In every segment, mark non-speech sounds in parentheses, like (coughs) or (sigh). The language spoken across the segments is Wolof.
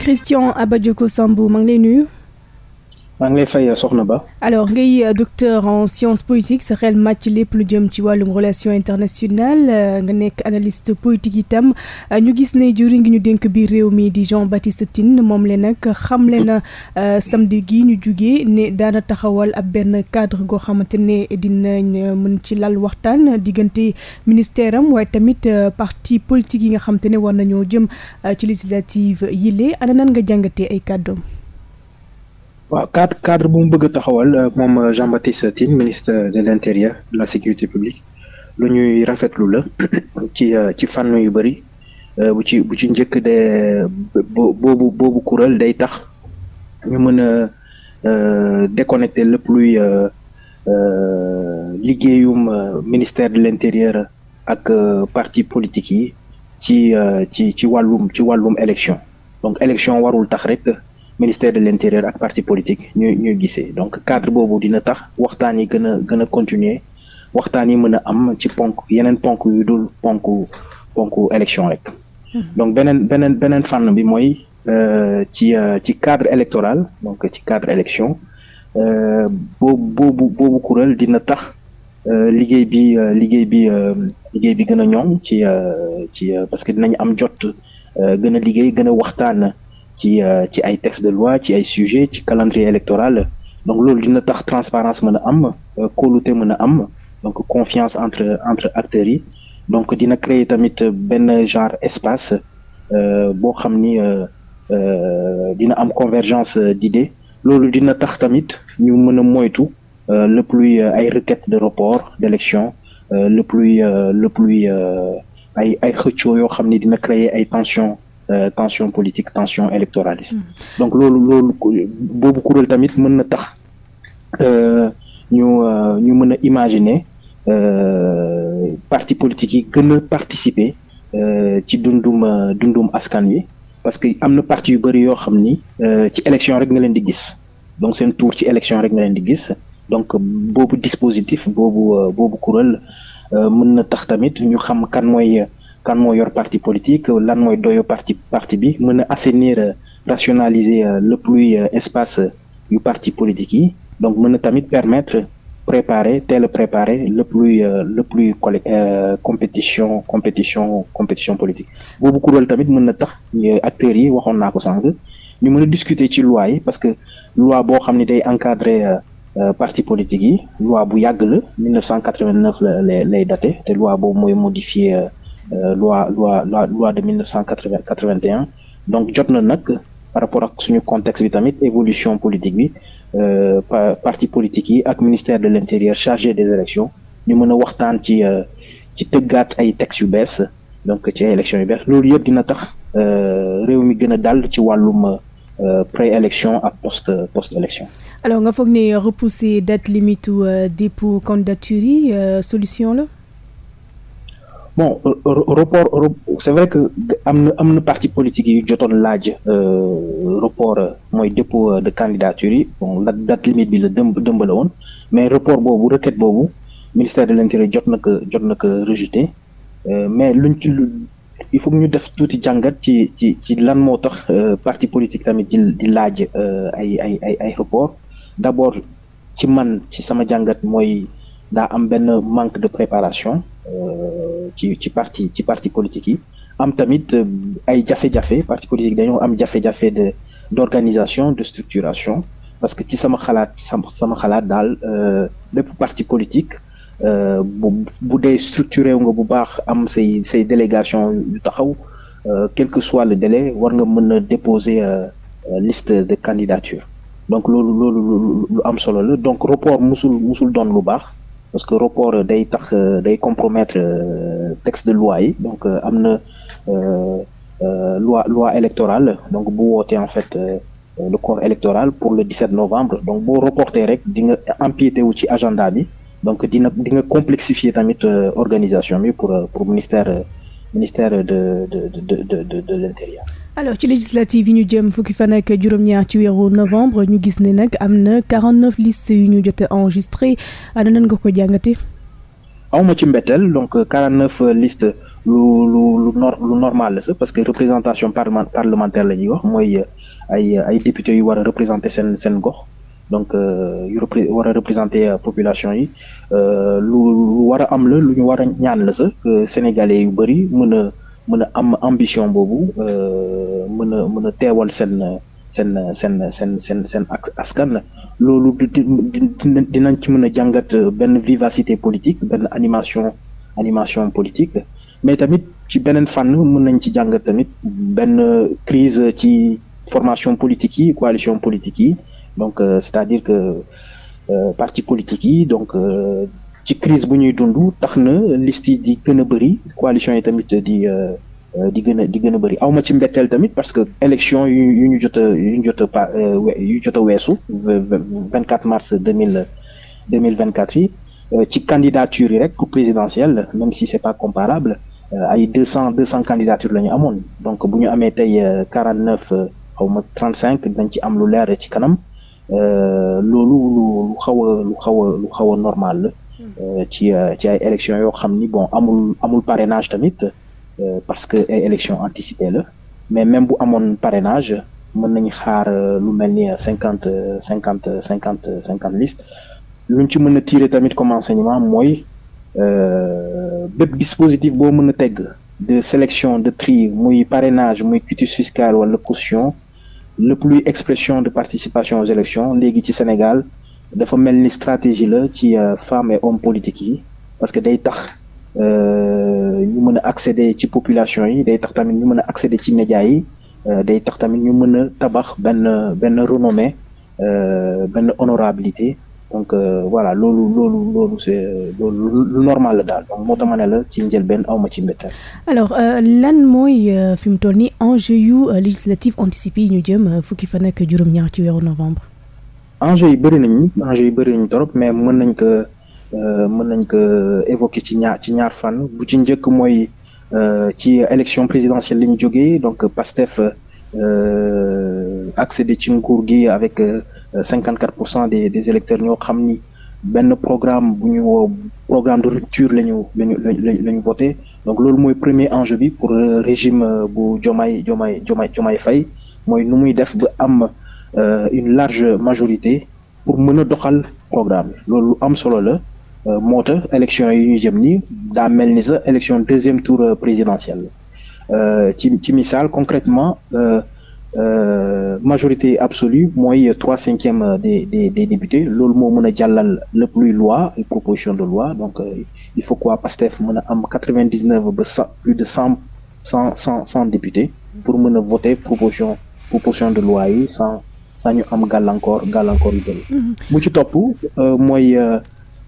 Christian Abadioko Sambou maa ngi lay nuyu. maa ngi lay fay soxna Ba. alors ngay euh, docteur en sciences politiques sa xel màcc lépp lu jëm ci wàllum relation internationale euh, nga nekk analyste politique itam euh, ñu gis ne juri ngi ñu dénk biir réew mi di Jean-Baptiste Tine moom le nag xamle na samedi gi ñu jugee ne daana taxawal ab benn cadre goo xamante ne dinañ mën ci lal waxtaan diggante ministère am waaye tamit parti politique yi nga xamante ne war nañoo jëm ci législative yile ana nan nga jàngatee ay kàddoom. waaw cadre cadre bu mu bëgg taxawal euh, moom euh, Jean-Baptiste Tine ministre euh, de l'intérieur de la sécurité publique lu ñuy rafetlu la (coughs) ci ci fànn yu bëri bu ci bu ci njëkk de boobu boobu kuréel day tax ñu mën a déconnecter lépp luy liggéeyum ministère de l'intérieur ak parti politique yi ci ci ci wàllum ci wàllum élection donc élection warul tax rek. ministère de l'intérieur ak parti politique ñuy ñuy gisee donc cadre boobu dina tax waxtaan yi gën a gën a continuer waxtaan yi mën a am ci ponk yeneen ponk yu dul ponk ponk élection rek. Hmm. donc beneen beneen beneen fànn bi mooy euh, ci euh, ci cadre électoral donc ci cadre élection euh, boobu boobu dina tax liggéey bi liggéey bi liggéey bi gën a ñoŋ ci ci parce que dinañ am jot gën a liggéey gën a waxtaan. ci euh, ci ay texte de loi ci ay sujet ci calendrier électoral donc loolu dina tax transparence mën a am euh, kóolute mën a am donc confiance entre entre acteurs yi donc dina créer tamit benn genre espace euh, boo xam ni dina am convergence d'idées loolu dina tax tamit ñu mën a moytu lépp luy ay requête de report d'élection lépp luy lépp luy ay ay xëccoo yoo xam ni dina créer ay tensions Euh, tension politique tension électoraliste. Mm. donc loolu loolu boobu kuréel tamit mën na tax euh, ñu euh, ñu mën a imaginer parti politique yi gën a participer ci dundum dundum askan wi parce que am na parti yu bëri yoo xam ni ci élection rek nga leen di gis donc seen tour ci élection rek nga leen di gis donc boobu dispositif boobu boobu kuréel mën na tax tamit ñu xam kan mooy. kan moo yor parti politique lan mooy doyo parti parti bi mën a assainir rationaliser lépp luy espace yu parti politique yi donc mën na tamit permettre préparer teel a préparer lépp luy lépp luy euh, compétition compétition compétition politique boobu kuréel tamit mën na tax euh, acteurs yi waxoon naa ko sànq ñu mën a discuter ci loi yi parce que loi boo xam ni day encadrer euh, parti politique yi loi bu yàgg la 1989 la lay daté te loi boobu mooy modifier Euh, loi loi loi loi de 1981 donc jot na nag par rapport ak suñu contexte bi tamit évolution politique bi euh, parti politique yi ak ministère de l'intérieur chargé des élections ñu mën a waxtaan ci euh, ci tëggaat ay textes yu bees donc ci ay élections yu bees loolu yëpp dina tax réew mi gën a dal ci wàllum pré-élection ak post post-élection. alors nga foog ni repousser date limite u dépôt candidature yi solution la. bon euh, report c'est vrai que am na am na parti politique yu jotoon laaj euh, report euh, mooy dépôt de candidature yi bon la date limite bi la dëmb dëmb la woon mais report boobu requête boobu ministère de l'intérieur jot na ko jot na ko rejeté mais luñ ci il faut ñu def tuuti jàngat ci ci ci lan moo tax parti politique tamit di di laaj ay ay ay ay report d'abord ci man ci sama jàngat mooy daa am benn manque de préparation Euh, ci ci parti ci parti politique yi am tamit euh, ay jafe-jafe parti politique dañoo am jafe-jafe de d'organisation de structuration parce que ci sama xalaat sama xalaat daal euh, bépp parti politique bu bu dee structuré wu nga bu baax am say say délégation yu taxaw quel que soit le délai war nga mën a déposer liste de candidature donc loolu loolu lu am solo la donc report musul musul doon lu baax parce que report day tax euh, day compromettre euh, texte de loi yi donc euh, am na loi loi électorale donc bu wootee en fait le corps électoral pour le 17 novembre donc boo reporté rek di nga empiété wu ci agenda bi donc dina di nga complexifier tamit organisation bi pour pour ministère ministère de de de de de de l'intérieur alors ci législative yi ñu jëm fukki fan ak juróom-ñaar ci weeru novembre ñu gis ni nag am na 49 listes yu ñu jot a enregistré ana nan nga ko jàngate awma ci mbetteel donc 49 listes lu lu lu normal la sax parce que représentation parlementaire la ñuy wax mooy ay ay députés yu war a représenter seen seen gox donc euh, yu repré war a représenter euh, population yi euh, lu lu war a am la lu ñu war a ñaan la sax sénégalais yu bëri mën a am ambition boobu. mën a mën a teewal seen seen seen seen seen ak askan loolu dinañ ci mën a jàngat euh, benn vivacité politique benn animation animation politique mais tamit ci beneen fànn mën nañ ci jàngat tamit benn crise ci formation politique yi coalition politique yi donc euh, c'est-à-dire que euh, parti politique yi donc ci crise bu ñuy dund tax na liste yi di gën a bëri coalition yi tamit di Euh, di gën a di gën a bëri aw ma ci mbetteel tamit parce que élection yu yu ñu jot yu ñu jot a pa euh, yu jot a weesu vingt quatre mars deux mille deux mille vingt quatre yi euh, ci candidature yi rek pour présidentielle même si c'est pas comparable ay deux cent deux cent la ñu amoon donc bu ñu amee tey quarante neuf xaw ma trente cinq dinañ ci am lu leer ci kanam loolu lu lu xaw a lu xaw a lu xaw a normal la hmm. ci ci ay élections yoo xam ni bon amul amul parrainage tamit. Euh, parce que e élection anticipée la mais même bu amoon parrainage mën nañu xaar euh, lu mel ni euh, cinquante cinquante cinquante cinquante listes luñ ci mën a tirer tamit comme enseignement mooy bépp dispositif boo mën a teg de sélection de tri muy parenage muy quitus fiscal wala caution lépp luy expression de participation aux élections léegi ci Sénégal dafa mel ni stratégie la ci femmes et hommes politiques yi parce que day tax Euh, ñu mën a accéder ci population yi day tax tamit ñu mën a accéder ci médias yi euh, day tax tamit ñu mën a tabax benn benn renommée euh, benn honorabilité donc voilà loolu loolu loolu c'est loolu lu normal la daal donc moo tax ma ne la ci njëlbeen awma ci mbetteel alors lan mooy fi mu toll nii enjeu yu législative anticipée yi ñu jëm fukki fa nekk juróom-ñaar ci weeru novembre enjeu yi bëri nañu enjeu yi bëri nañu trop mais mën nañ ko Euh, mën nañ ko évoquer ci ñaar ci ñaar fan bu ci njëkk mooy euh, ci élection présidentielle li ñu jógee donc PASTEF euh, accédé ci nguur gi avec cinquante quatre pour cent des des électeurs ñoo xam ni benn programme bu ñu woo programme de rupture la ñu la ñu voté donc loolu mooy premier enjeu bi pour régime bu Diomaye Diomaye Diomaye Diomaye Faye mooy nu muy def ba am une large majorité pour mën a doxal programme loolu am solo la Euh, moo tax élection yi ñu nii daa mel ni sa élection deuxième tour euh, présidentielle euh, ci ci misaal concrètement majorité absolue mooy trois cinquièmes des des des députés loolu moo mën a jàllal lépp luy loi et proposition de loi donc il faut quoi PASTEF mën a am quatre vingt dix neuf ba cent plus de cent cent cent cent députés pour mën a voter proposition proposition de loi yi sans sans ñu am gàllankoor gàllankoor yu bëri. bu mm-hmm. ci topp mooy.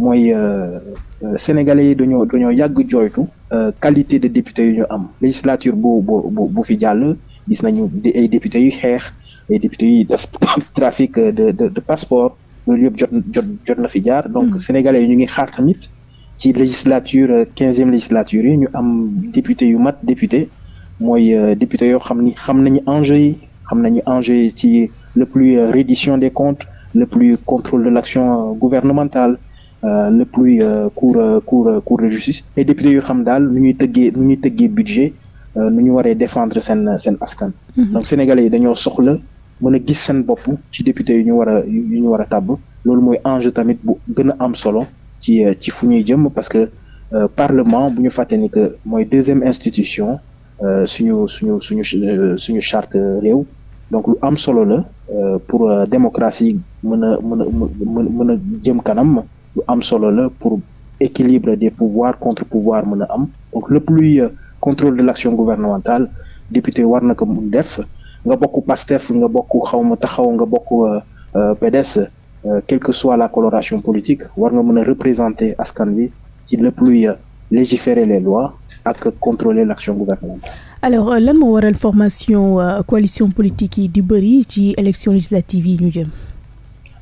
mooy euh, euh, sénégalais yi dañoo dañoo yàgg jooytu euh, qualité de député yu ñu am législature bu bu bu fi jàll gis nañu ay députés yu xeex ay députés yu def (laughs) trafic de de passeport loolu yëpp jot jot jot na fi jaar hmm. donc sénégalais yi ñu ngi xaar tamit ci législature quinzième législature yi ñu am député yu mat député mooy député yoo xam ni xam nañu enjeu yi xam nañu enjeu yi ci le plus reddition des comptes le plus contrôle de l'action gouvernementale lépp euh, luy euh, cour euh, cour cour de justice ay député yu xam daal nu ñuy tëggee nu ñuy tëggee budget nu ñu waree défendre seen seen askan mhm. donc sénégalais yi dañoo soxla mën a gis seen bopp ci député yu ñu war a yu ñu war a tàbb loolu mooy enjeu tamit bu gën a am solo ci ci fu ñuy jëm parce que parlement bu ñu fàtte ni que mooy deuxième institution suñu suñu suñu suñu charte réew donc lu am solo la pour démocratie mën a mën a mën a jëm kanam lu am solo la pour équilibre des pouvoirs contre pouvoir mën a am donc lépp luy euh, contrôle de l'action gouvernementale député war na ko mun def nga bokk PASTEF nga bokk xawma taxaw nga bokk euh, euh, PDS quelle que soit la coloration politique war nga mën a représenter askan wi ci lépp luy légiférer les lois ak contrôler l'action gouvernementale. alors lan moo waral formation coalition politique yi di bëri ci élection législative yi ñu jëm.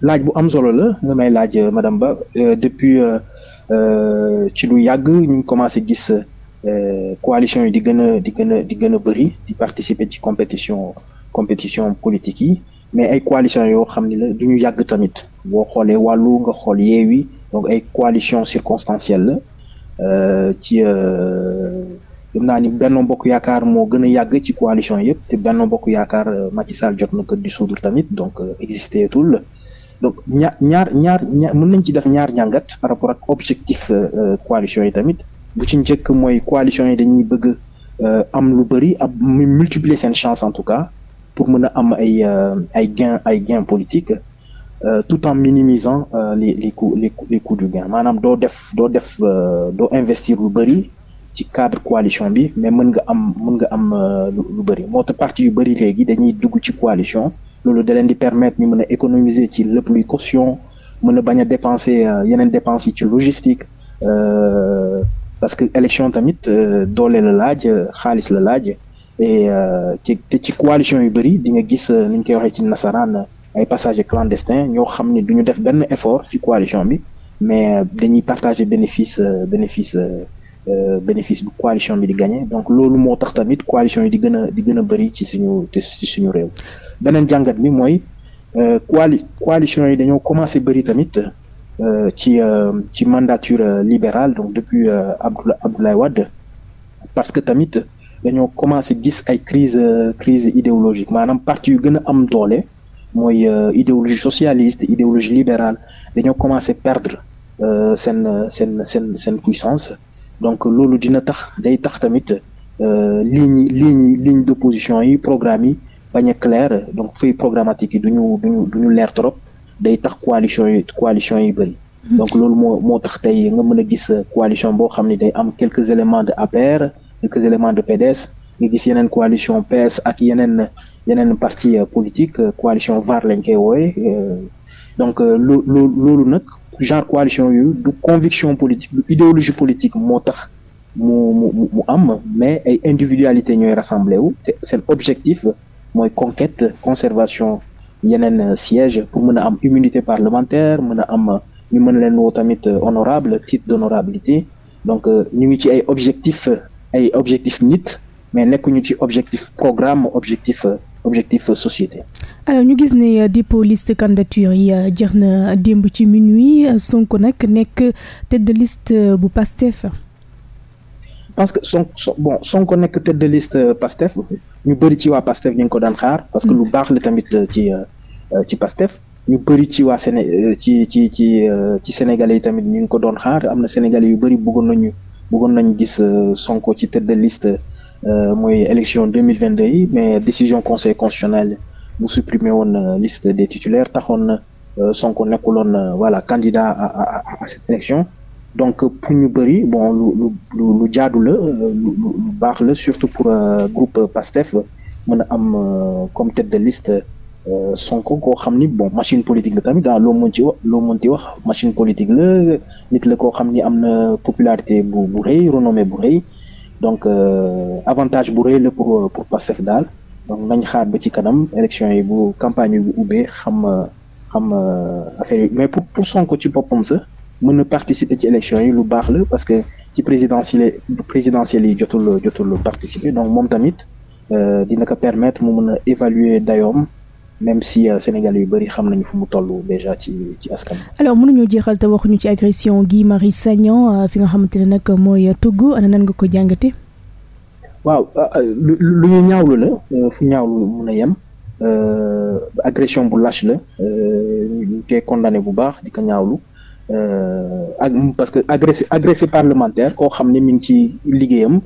laaj bu am solo la nga may laaj euh, madame Ba euh, depuis euh, ci lu yàgg ñu ngi commencé gis coalition yi di gën a di gën a di gën a bëri di participer ci compétition compétition politique yi mais ay coalition yoo xam ne la du ñu yàgg tamit boo xoolee wàllu nga xool yeewi donc ay coalition circonstancielle la ci xam naa ni Benno Bokk Yaakaar moo gën a yàgg ci coalition yëpp te Benno Bokk Yaakaar Macky jot na di dissoudre tamit donc existé tul donc ñaar ñaar ñaar ñaar mën nañ ci def ñaar njàngat par rapport ak objectif euh, euh, coalition yi tamit bu ci njëkk mooy coalition yi dañuy bëgg euh, am lu bëri ab multiplier seen chance en tout cas pour mën a am ay ay gain ay gain politique tout en minimisant les les coûts les les coûts du gain maanaam doo def doo def doo investir lu bëri ci cadre coalition bi mais mën nga am mën nga am lu bëri moo tax partie yu bëri léegi dañuy dugg ci coalition loolu da leen di permettre ñu mën a économiser ci lépp luy caution mën a bañ a dépenser euh, yeneen dépenses yi ci logistique euh, parce que élection tamit euh, doole la laaj xaalis la laaj et ci te ci coalition yu bëri di nga gis ni ñu koy waxee ci nasaraan ay passagers clandestins ñoo xam ni du ñu def benn effort ci coalition bi mais dañuy partager bénéfice bénéfice Euh, bénéfice bu coalition bi di gagné donc loolu moo tax tamit coalition yi di gën a di gën a bëri ci suñu ci suñu réew beneen jàngat bi mooy euh, coali coalition yi dañoo commencé bëri tamit euh, ci ci mandature libérale donc depuis Abdoul Abdoulaye Wade parce que tamit dañoo commencé gis ay crise crise idéologique maanaam partie yu gën a am doole mooy idéologie socialiste idéologie libérale dañoo commencé perdre seen seen seen seen puissance donc loolu dina tax day tax tamit euh, ligne ligne ligne d' opposition yi programme yi bañ a donc feuille programmatique yi duñu duñu duñu leer trop day tax coalition yi coalition yi bëri hmm. donc loolu moo moo tax tey nga mën a gis euh, coalition boo xam ne day am quelques éléments de APR quelques éléments de PDS nga gis yeneen coalition PS ak yeneen yeneen parti euh, politique coalition VAR lañ koy wooye donc loo loolu nag genre coalition yu du conviction politique du idéologie politique moo tax mu mu am mais ay individualité ñooy rassemblé wu te seen objectif mooy conquête conservation yeneen siège pour mën a am immunité parlementaire mën a am ñu mën leen woo tamit honorable titre d'honorabilité donc euh, ñu ngi ci ay objectif ay objectif nit mais nekkuñu ci objectif programme objectif objectif société alors ñu gis ne euh, dépôt liste candidature yi euh, jeex na démb ci minuit Sonko nag nekk tête de liste euh, bu PASTEF. parce que son bon Sonko nekk tête de liste PASTEF ñu bëri ci waa PASTEF ñu ngi ko daan xaar. parce que lu mm. baax la tamit ci ci PASTEF. ñu bëri ci waa Séné ci ci ci ci Sénégalais yi tamit ñu ngi ko doon xaar am na Sénégalais yu bëri bëggoon nañu bëggoon nañu gis Sonko ci tête de liste mooy élection deux mille vingt deux yi mais décision conseil constitutionnel mu supprimer woon euh, liste des titulaires taxoon na euh, Sonko nekkuloon euh, voilà candidat à à à cette élection donc pour ñu bëri bon lu lu lu jaadu la lu baax la surtout pour groupe PASTEF mën a am comme tête de liste Sonko koo xam ni bon machine politique la tamit daal loo mën ci wax loo mën ci wax machine politique la nit la koo xam ni am na popularité bu bu rëy renommée bu rëy donc avantage bu rëy la pour pour PASTEF daal. donc nañ xaar ba ci kanam élection yi bu campagne yi bu ubbee xam xam euh, affaire yi mais pour pour Sonko ci boppam sax mën na participer ci élection yi lu baax la parce que ci présidentielle présidentielle yi jotul jotul participer donc moom tamit euh, dina ko permettre mu mën a évaluer dayoom même si euh, Sénégal yu bari xam nañu fu mu toll déjà ci ci askan alors mënuñu jeexal te waxuñu ci agression Guy Marius Sagna fi nga xamante ne nag mooy tugg ana nan nga ko jàngate waaw ah, ah, lu ñu ñaawlu la euh, fu ñaawlu mun a yem euh, agression bu lâche la euh, ñu koy condamné bu baax di ko ñaawlu ak parce que agressé agressé parlementaire koo xam ne mi ngi ci liggéeyam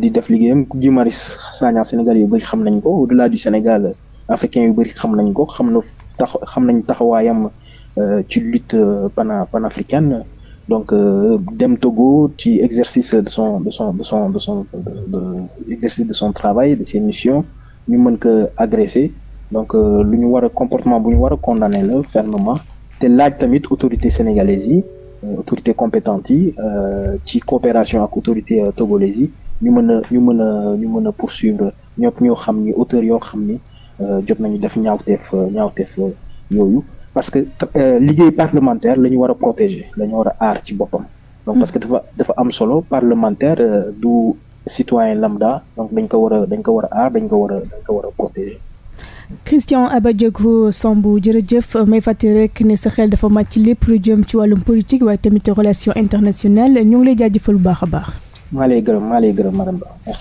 di def liggéeyam Guy Marius Sagna Sénégal yu bëri xam nañ ko au delà du Sénégal africain yu bëri xam nañ ko xam na tax xam nañ taxawaayam ci lutte pana panafricaine donc euh, dem Togo ci exercice de son de son de son de son de exercice de son travail de ses missions ñu mën ko agressé donc euh, lu ñu war a comportement bu ñu war a condamné la fermement te laaj tamit autorité sénégalaise yi euh, autorité compétente yi ci coopération ak autorité togolaise yi ñu mën a ñu mën a ñu mën a poursuivre ñoom ñoo xam ni auteur yoo xam ni jot nañu def ñaawteef ñaawteef yooyu parce que euh, liggéey parlementaire la ñu war a protéger la war a aar ci boppam. donc hmm. parce que dafa dafa am solo parlementaire euh, du citoyen lambda donc dañ ko war a dañ ko war a aar dañ ko war a dañ ko war a protéger. Christian Abadiakhou Sambou jërëjëf may fàttali rek ne sa xel dafa ci lépp lu jëm ci wàllum politique waaye tamit relation internationale ñu ngi lay jaajëfal bu baax a baax. maa lay gërëm maa lay gërëm madame Ba